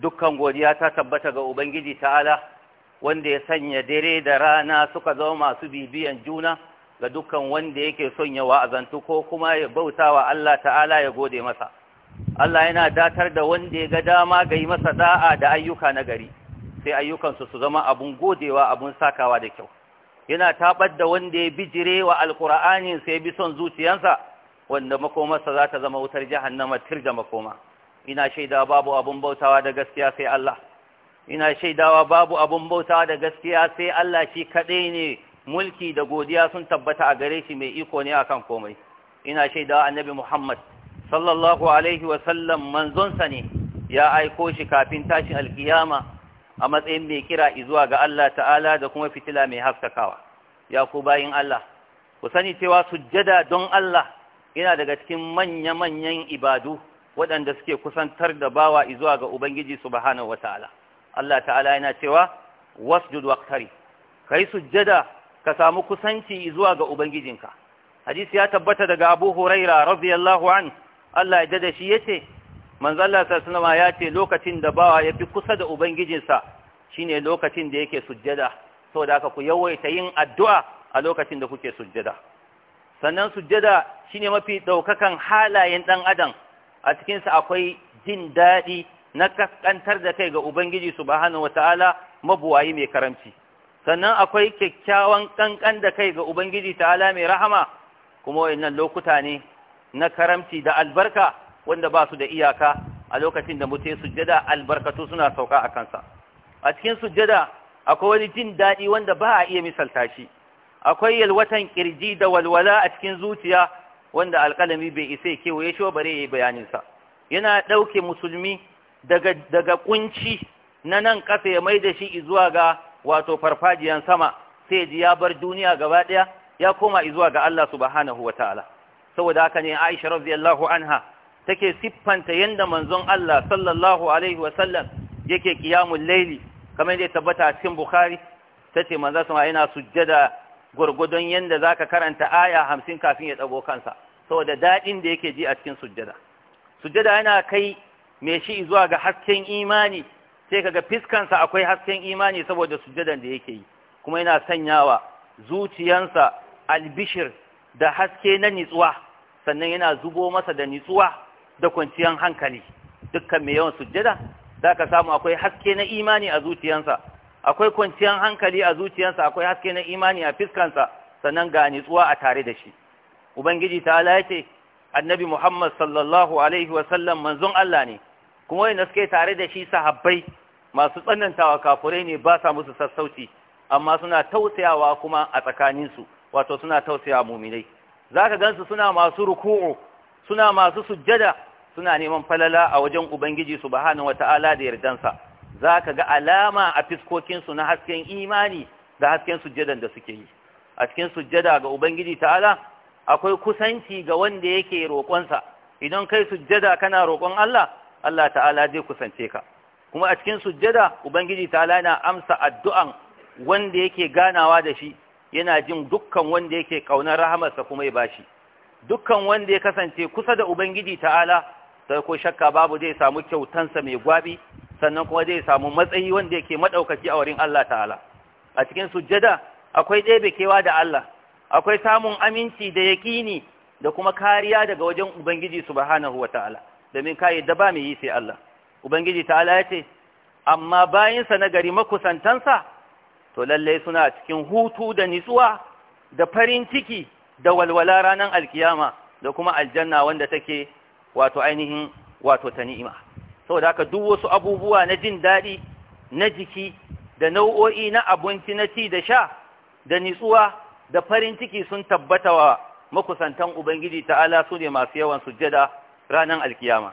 dukkan godiya ta tabbata ga Ubangiji ta'ala wanda ya sanya dare da rana suka zama masu bibiyan juna ga dukkan wanda yake son ya wa'azantu ko kuma ya bauta wa Allah ta'ala ya gode masa. Allah yana datar da wanda ya ga dama ga yi masa da'a da ayyuka na gari, sai ayyukansu su zama abun godewa abun sakawa da kyau. Yana taɓar da wanda ya bijire wa alkur'anin sai bi son zuciyansa wanda makomarsa za ta zama wutar jahannama tir da makoma. ina shaidawa babu abun bautawa da gaskiya sai Allah ina shaidawa babu abun bautawa da gaskiya sai Allah shi kadai ne mulki da godiya sun tabbata a gare shi mai iko ne akan komai ina shaidawa annabi Muhammad sallallahu alaihi wa sallam manzonsa ne ya aiko shi kafin tashi alkiyama a matsayin mai kira zuwa ga Allah ta'ala da kuma fitila mai haskakawa ya ku bayin Allah ku sani cewa sujjada don Allah yana daga cikin manya-manyan ibadu waɗanda suke kusantar da bawa zuwa ga ubangiji subhanahu wataala Allah ta'ala yana cewa wasjud waqtari kai sujjada ka samu kusanci zuwa ga ubangijinka hadisi ya tabbata daga Abu Huraira radiyallahu an Allah ya dada shi yace ce. Allah sallallahu ya ce lokacin da bawa ya fi kusa da ubangijinsa shine lokacin da yake sujjada saboda haka ku yawaita yin addu'a a lokacin da kuke sujjada sannan sujjada shine mafi ɗaukakan halayen ɗan adam a cikinsa akwai jin daɗi na kaskantar da kai ga Ubangiji subhanahu ta'ala mabuwayi mai karamci sannan akwai kyakkyawan kankan da kai ga Ubangiji ta'ala mai rahama kuma wayannan lokuta ne na karamci da albarka wanda ba su da iyaka a lokacin da mutum sujjada albarkatu suna sauka a kansa a cikin sujjada akwai wani jin daɗi wanda ba a iya misalta shi akwai yalwatan ƙirji da walwala a cikin zuciya wanda alƙalami bai isa ya kewaye shi bare ya yi sa yana ɗauke musulmi daga daga kunci na nan ƙasa ya mai da shi zuwa ga wato farfajiyan sama sai ji ya bar duniya gaba ɗaya ya koma izuwa ga Allah subhanahu wataala saboda haka ne Aisha radiyallahu anha take siffanta yanda manzon Allah sallallahu alaihi wasallam yake qiyamul Laili, kamar yadda tabbata a cikin Bukhari tace manzon sama yana sujjada gwargwadon yadda za ka karanta aya hamsin kafin ya ɗago kansa saboda daɗin da yake ji a cikin sujjada sujjada yana kai mai shi zuwa ga hasken imani sai kaga fiskansa akwai hasken imani saboda sujjadan da yake yi kuma yana sanyawa zuciyansa albishir da haske na nitsuwa sannan yana zubo masa da nitsuwa da kwanciyar hankali dukkan mai yawan sujjada za ka samu akwai haske na imani a zuciyansa akwai kwanciyar hankali a zuciyarsa akwai haske na imani a fiskansa sannan ga nitsuwa a tare da shi ubangiji ta yace annabi muhammad sallallahu alaihi wasallam manzon Allah ne kuma wani suke tare da shi sahabbai masu tsanantawa kafurai ne ba sa musu sassauci amma suna tausayawa kuma a tsakaninsu wato suna tausaya muminai ka gansu suna masu ruku'u suna masu sujjada suna neman falala a wajen ubangiji subhanahu wata'ala da yardansa za ka ga alama a fiskokinsu na hasken imani da hasken sujjadan da suke yi a cikin sujjada ga ubangiji ta'ala akwai kusanci ga wanda yake roƙonsa idan kai sujjada kana roƙon Allah Allah ta'ala zai kusance ka kuma a cikin sujjada ubangiji ta'ala yana amsa addu'an wanda yake ganawa da shi yana jin dukkan wanda yake kaunar rahamarsa kuma ya bashi dukkan wanda ya kasance kusa da ubangiji ta'ala sai ko shakka babu zai samu kyautansa mai gwabi sannan kuma zai samu matsayi wanda yake maɗaukaki a wurin Allah ta'ala a cikin sujjada akwai ɗebe kewa da Allah akwai samun aminci da yaƙini da kuma kariya daga wajen ubangiji subhanahu ta'ala domin kayi da ba mai yi sai Allah ubangiji ta'ala ya ce amma bayinsa na gari makusantansa to lallai suna cikin hutu da nitsuwa da farin ciki da walwala ranar alkiyama da kuma aljanna wanda take wato ainihin wato ta ni'ima saboda haka duk wasu abubuwa na jin daɗi na jiki da nau'o'i na abinci na ci da sha da nitsuwa da farin ciki sun tabbata wa makusantan ubangiji ta'ala su ne masu yawan sujjada ranar alkiyama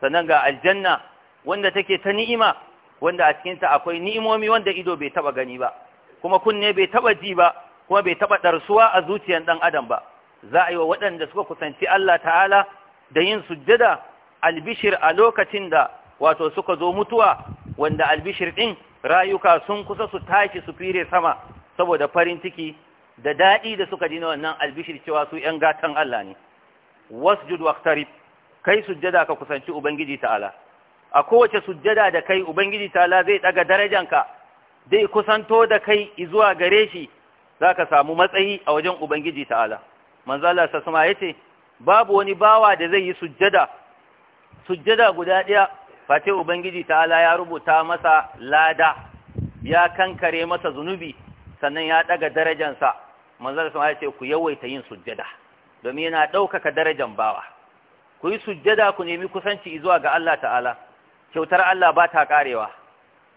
sannan ga aljanna wanda take ta ni'ima wanda a cikinta akwai ni'imomi wanda ido bai taba gani ba kuma kunne bai taba ji ba kuma bai taɓa ɗarsuwa a zuciyar ɗan adam ba za a yi wa waɗanda suka kusanci Allah ta'ala da yin sujjada albishir a lokacin da wato suka zo mutuwa wanda albishir ɗin rayuka sun kusa su tashi su fire sama saboda farin ciki da daɗi da suka ji wannan albishir cewa su ‘yan gatan Allah ne, Wasu wasjud Waktarif, kai sujjada ka kusanci Ubangiji ta'ala, a kowace sujjada da kai Ubangiji ta'ala zai ɗaga darajanka, zai kusanto da kai zuwa gare shi za ka samu matsayi a wajen Ubangiji ta'ala. Manzala Sassama ya ce, babu wani bawa da zai yi sujjada sujjada guda ɗaya face ubangiji ta'ala ya rubuta masa lada ya kankare masa zunubi sannan ya ɗaga darajansa manzon sama ya ce ku yawaita yin sujjada domin yana ɗaukaka darajan bawa ku yi sujjada ku nemi kusanci zuwa ga Allah ta'ala kyautar Allah ba ta ƙarewa.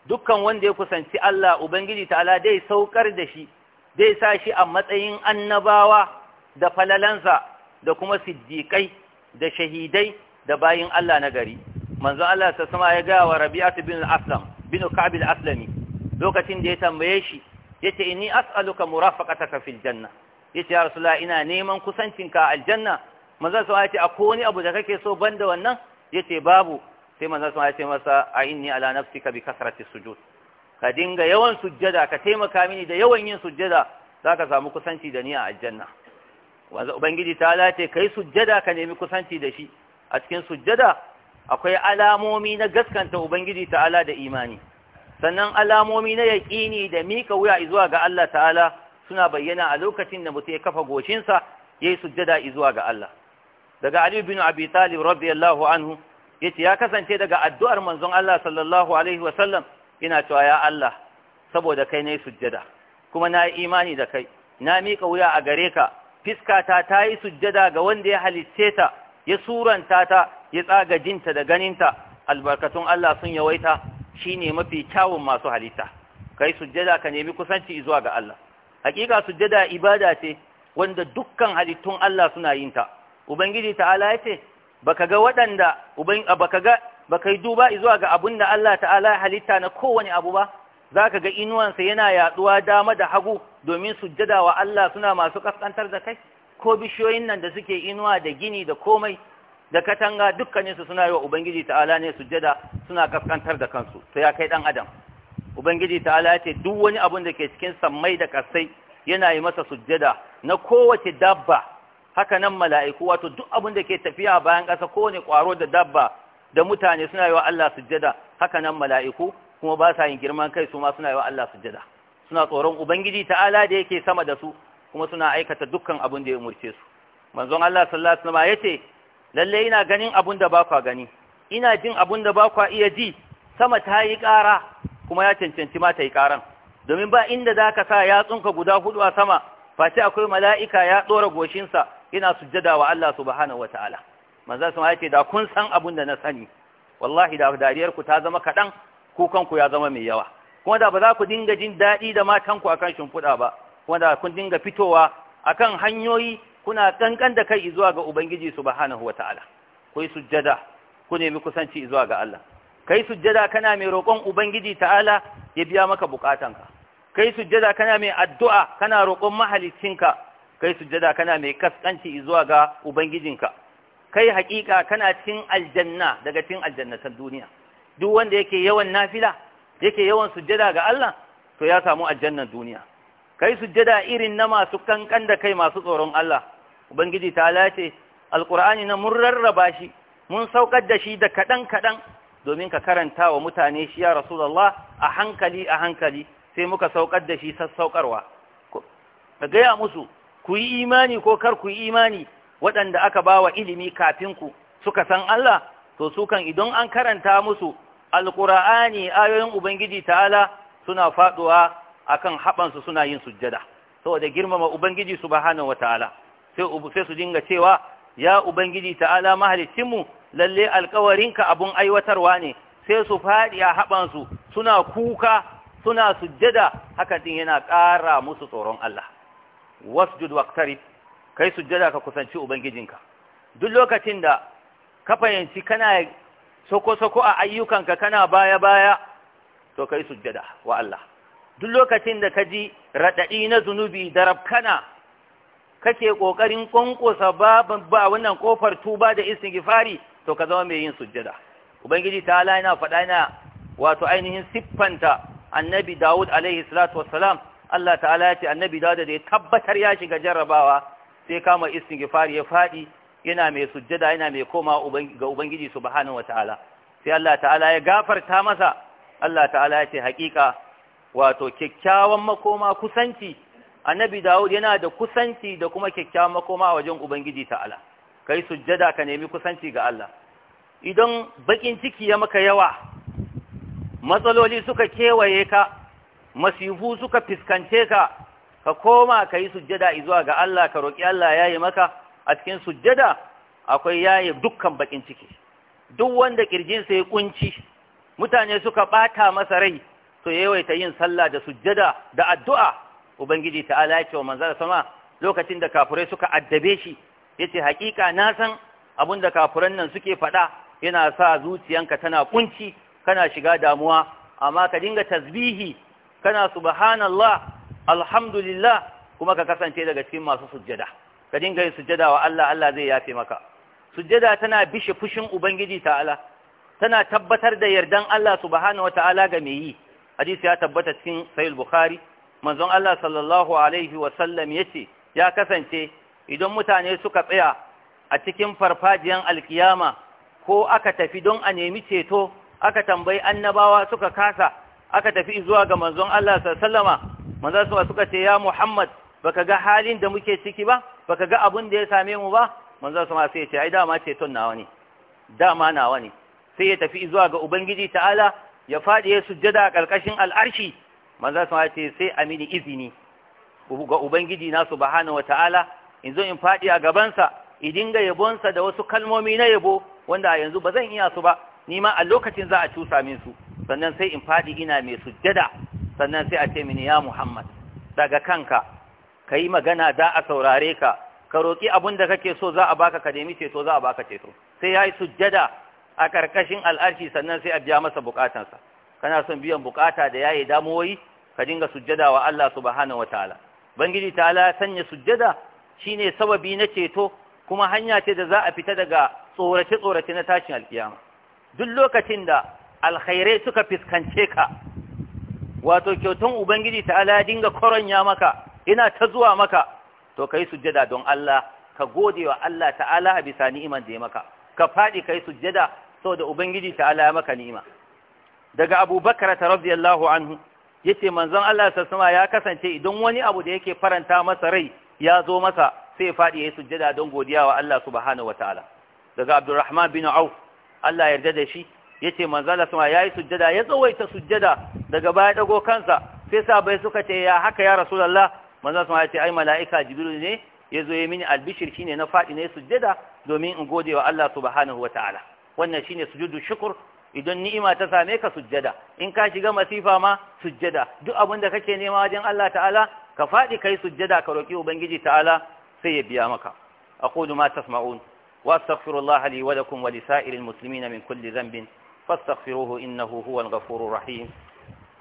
dukkan wanda ya kusanci Allah ubangiji ta'ala dai saukar da shi dai sa shi a matsayin annabawa da falalansa da kuma siddiƙai da shahidai da bayin Allah na gari manzo Allah ta sama ya ga wa Rabi'atu bin al-Aslam bin Ka'b al-Aslami lokacin da ya tambaye shi yace inni as'aluka murafaqataka fil janna yace ya rasulullah ina neman kusancinka a aljanna manzo sa yace akwai wani abu da kake so banda wannan yace babu sai manzo sa yace masa a inni ala nafsika bi kasrati sujud ka dinga yawan sujjada ka taimaka mini da yawan yin sujjada zaka samu kusanci da ni a aljanna wanda ubangiji ta lace kai sujjada ka nemi kusanci da shi a cikin sujjada akwai alamomi na gaskanta ubangiji ta'ala da imani sannan alamomi na yaƙini da mika wuya zuwa ga Allah ta'ala suna bayyana a lokacin da mutum ya kafa goshinsa ya yi sujjada izuwa ga Allah daga Ali bin Abi Talib radiyallahu anhu yace ya kasance daga addu'ar manzon Allah sallallahu alaihi wasallam ina cewa ya Allah saboda kai ne sujjada kuma na imani da kai na mika wuya a gare ka fiskata ta yi sujjada ga wanda ya halicce ta ya suranta ta ya tsaga jinta da ganinta albarkatun Allah sun yawaita shi ne mafi kyawun masu halitta kai sujjada ka nemi kusanci zuwa ga Allah hakika sujjada ibada ce wanda dukkan halittun Allah suna yin ta ubangiji ta'ala ya ba baka ga waɗanda uban baka ga baka yi duba zuwa ga abunda da Allah ta'ala ya halitta na kowane abu ba zaka ga inuwansa yana yaduwa dama da hagu domin sujjada wa Allah suna masu kaskantar da kai ko bishiyoyin nan da suke inuwa da gini da komai da katanga dukkaninsu suna yi wa Ubangiji ta'ala ne sujjada suna kaskantar da kansu to ya kai ɗan adam Ubangiji ta'ala ya ce duk wani abun da ke cikin sammai da kasai yana yi masa sujjada na kowace dabba haka nan mala'iku wato duk abun da ke tafiya bayan ƙasa kowane ƙwaro da dabba da mutane suna yi wa Allah sujjada haka nan mala'iku kuma ba sa yin girman kai su ma suna yi wa Allah sujjada suna tsoron Ubangiji ta'ala da yake sama da su kuma suna aikata dukkan abin da ya murce su manzon Allah sallallahu alaihi wasallam yace lalle ina ganin abin da ba kwa gani ina jin abin da ba kwa iya ji sama ta yi ƙara kuma ya cancanci ma ta yi ƙaran domin ba inda za ka sa yatsunka guda hudu a sama face akwai mala'ika ya ɗora goshinsa Ina sujjada wa Allah subhanahu wa ta'ala manzo sun haice da kun san abin da na sani wallahi da dariyarku ta zama kaɗan ku kanku ya zama mai yawa kuma da ba za ku dinga jin daɗi da matan ku akan shimfiɗa ba wanda kun dinga fitowa a kan hanyoyi kuna kankan da kai zuwa ga ubangiji subhanahu wataala ku yi sujjada ku nemi kusanci zuwa ga Allah kai sujjada kana mai roƙon ubangiji ta'ala ya biya maka buƙatanka. kai sujjada kana mai addu'a kana roƙon mahalicinka kai sujjada kana mai kaskanci zuwa ga ubangijinka kai haƙiƙa kana cikin aljanna daga cikin aljannatan duniya duk wanda yake yawan nafila yake yawan sujjada ga Allah to ya samu aljannan duniya kai sujjada irin na masu kankan da kai masu tsoron Allah ubangiji ta lace alqur'ani na mun rarraba shi mun saukar da shi da kaɗan-kaɗan domin ka karanta wa mutane shi ya rasulullah a hankali a hankali sai muka saukar da shi sassaukarwa ka gaya musu ku yi imani ko kar ku yi imani waɗanda aka ba wa ilimi kafin ku suka san Allah to su kan idan an karanta musu alqur'ani ayoyin ubangiji ta'ala suna faduwa akan haɓansu suna yin sujjada saboda girmama ubangiji subhanahu wataala sai sai su dinga cewa ya ubangiji ta'ala mahalicin mu lalle ka abun aiwatarwa ne sai su faɗi a haɓansu suna kuka suna sujjada haka din yana ƙara musu tsoron Allah wasjud waqtarib kai sujjada ka kusanci ubangijinka duk lokacin da ka fahimci kana soko-soko a ayyukanka kana baya-baya to kai sujjada wa Allah duk lokacin da ka ji raɗaɗi na zunubi da rafkana kake ƙoƙarin ƙwanƙosa ba wannan ƙofar tuba da gifari to ka zama mai yin sujjada ubangiji ta ala yana faɗa yana wato ainihin siffanta annabi dawud alaihi salatu wassalam allah ta'ala ya ce annabi dawud da ya tabbatar ya shiga jarrabawa sai kama gifari ya faɗi yana mai sujjada yana mai koma ga ubangiji subhanahu ta'ala sai allah ta'ala ya gafarta masa allah ta'ala ya ce haƙiƙa wato kyakkyawan makoma kusanci annabi Dawud yana da kusanci da kuma kyakkyawan makoma a wajen ubangiji ta'ala kai sujjada ka nemi kusanci ga Allah idan bakin ciki ya maka yawa matsaloli suka kewaye ka masifu suka fiskance ka ka koma kai sujjada zuwa ga Allah ka roki Allah ya yi maka a cikin sujjada akwai yayi dukkan bakin ciki duk wanda kirjinsa ya kunci mutane suka bata masa rai ya yawaita yin sallah da sujjada da addu'a ubangiji ta'ala ya ce wa manzara sama lokacin da kafurai suka addabe shi yace hakika na san abin da kafuran nan suke faɗa yana sa zuciyanka tana kunci kana shiga damuwa amma ka dinga tasbihi kana subhanallah alhamdulillah kuma ka kasance daga cikin masu sujjada ka dinga yin sujjada wa Allah Allah zai yafe maka sujjada tana bishe fushin ubangiji ta'ala tana tabbatar da yardan Allah subhanahu wataala ga mai yi hadisi ya tabbata cikin sahih bukhari manzon Allah sallallahu alaihi wa sallam yace ya kasance idan mutane suka tsaya a cikin farfajiyan alkiyama ko aka tafi don a nemi ceto aka tambayi annabawa suka kasa aka tafi zuwa ga manzon Allah Sallallahu alaihi wa sallama manzon su suka ce ya Muhammad baka ga halin da muke ciki ba baka ga abun da ya same mu ba manzon su ma sai ya ce ai dama ceton nawa ne dama nawa ne sai ya tafi zuwa ga ubangiji ta'ala ya faɗi ya sujjada a ƙarƙashin al'arshi manzo su ce sai a mini izini ga ubangiji na hana wataala in zo in faɗi a gabansa idin dinga yabonsa da wasu kalmomi na yabo wanda a yanzu ba zan iya su ba ni ma a lokacin za a cusa min su sannan sai in faɗi ina mai sujjada sannan sai a ce mini ya Muhammad daga kanka ka yi magana za a saurare ka ka roƙi abin da kake so za a baka ka nemi ceto za a baka ceto sai ya yi sujjada a ƙarƙashin al'arshi sannan sai a biya masa bukatansa kana son biyan bukata da yayi damuwoyi ka dinga sujjada wa Allah subhanahu ta’ala bangiji ta'ala sanya sujjada shi ne sababi na ceto kuma hanya ce da za a fita daga tsorace tsorace na tashin alkiyama duk lokacin da alkhairai suka fuskance ka wato kyautan ubangiji ta'ala dinga koronya maka ina ta zuwa maka to ka yi sujjada don Allah ka gode wa Allah ta'ala a bisa ni'imar da ya maka ka faɗi ka yi sujjada da ubangiji ta ala maka ni'ima daga abubakar ta radiyallahu anhu yace manzon Allah sassama ya kasance idan wani abu da yake faranta masa rai ya zo masa sai ya faɗi ya yi sujjada don godiya wa Allah subhanahu ta’ala. daga Abdurrahman bin Auf Allah yarda da shi yace manzon Allah sassama yi sujjada ya tsawaita sujjada daga baya dago kansa sai sabai suka ce ya haka ya rasulullah manzon Allah ya ce ai mala'ika jibril ne ya zo ya mini albishir ne na faɗi ne sujjada domin in gode wa Allah subhanahu wataala wannan shine sujudu shukur idan ni'ima ta same ka sujjada in ka shiga masifa ma sujjada duk abin da kake nema wajen Allah ta'ala ka faɗi kai sujjada ka roki ubangiji ta'ala sai ya biya maka aqulu ma tasma'un wa astaghfirullaha li wa lakum wa li muslimina min kulli dhanbin fastaghfiruhu innahu huwal ghafurur rahim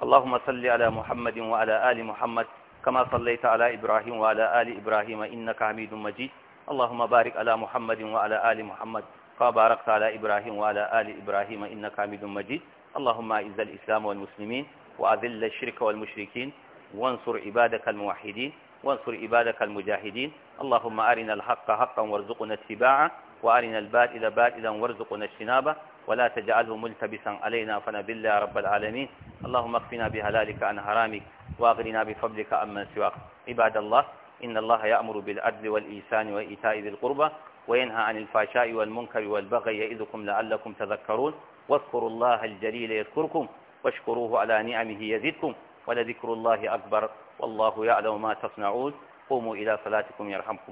اللهم صل على محمد وعلى آل محمد كما صليت على إبراهيم وعلى آل إبراهيم إنك حميد مجيد اللهم بارك على محمد وعلى آل محمد فباركت على إبراهيم وعلى آل إبراهيم إنك حميد مجيد اللهم أعز الإسلام والمسلمين وأذل الشرك والمشركين وانصر عبادك الموحدين وانصر عبادك المجاهدين اللهم أرنا الحق حقا وارزقنا اتباعه وأرنا الباطل باطلا وارزقنا اجتنابه ولا تجعله ملتبسا علينا فنذل يا رب العالمين اللهم اكفنا بهلالك عن حرامك واغرنا بفضلك عمن سواك عباد الله إن الله يأمر بالعدل والإيسان وإيتاء ذي القربى وينهى عن الفحشاء والمنكر والبغي يئذكم لعلكم تذكرون واذكروا الله الجليل يذكركم واشكروه على نعمه يزدكم ولذكر الله أكبر والله يعلم ما تصنعون قوموا إلى صلاتكم يرحمكم الله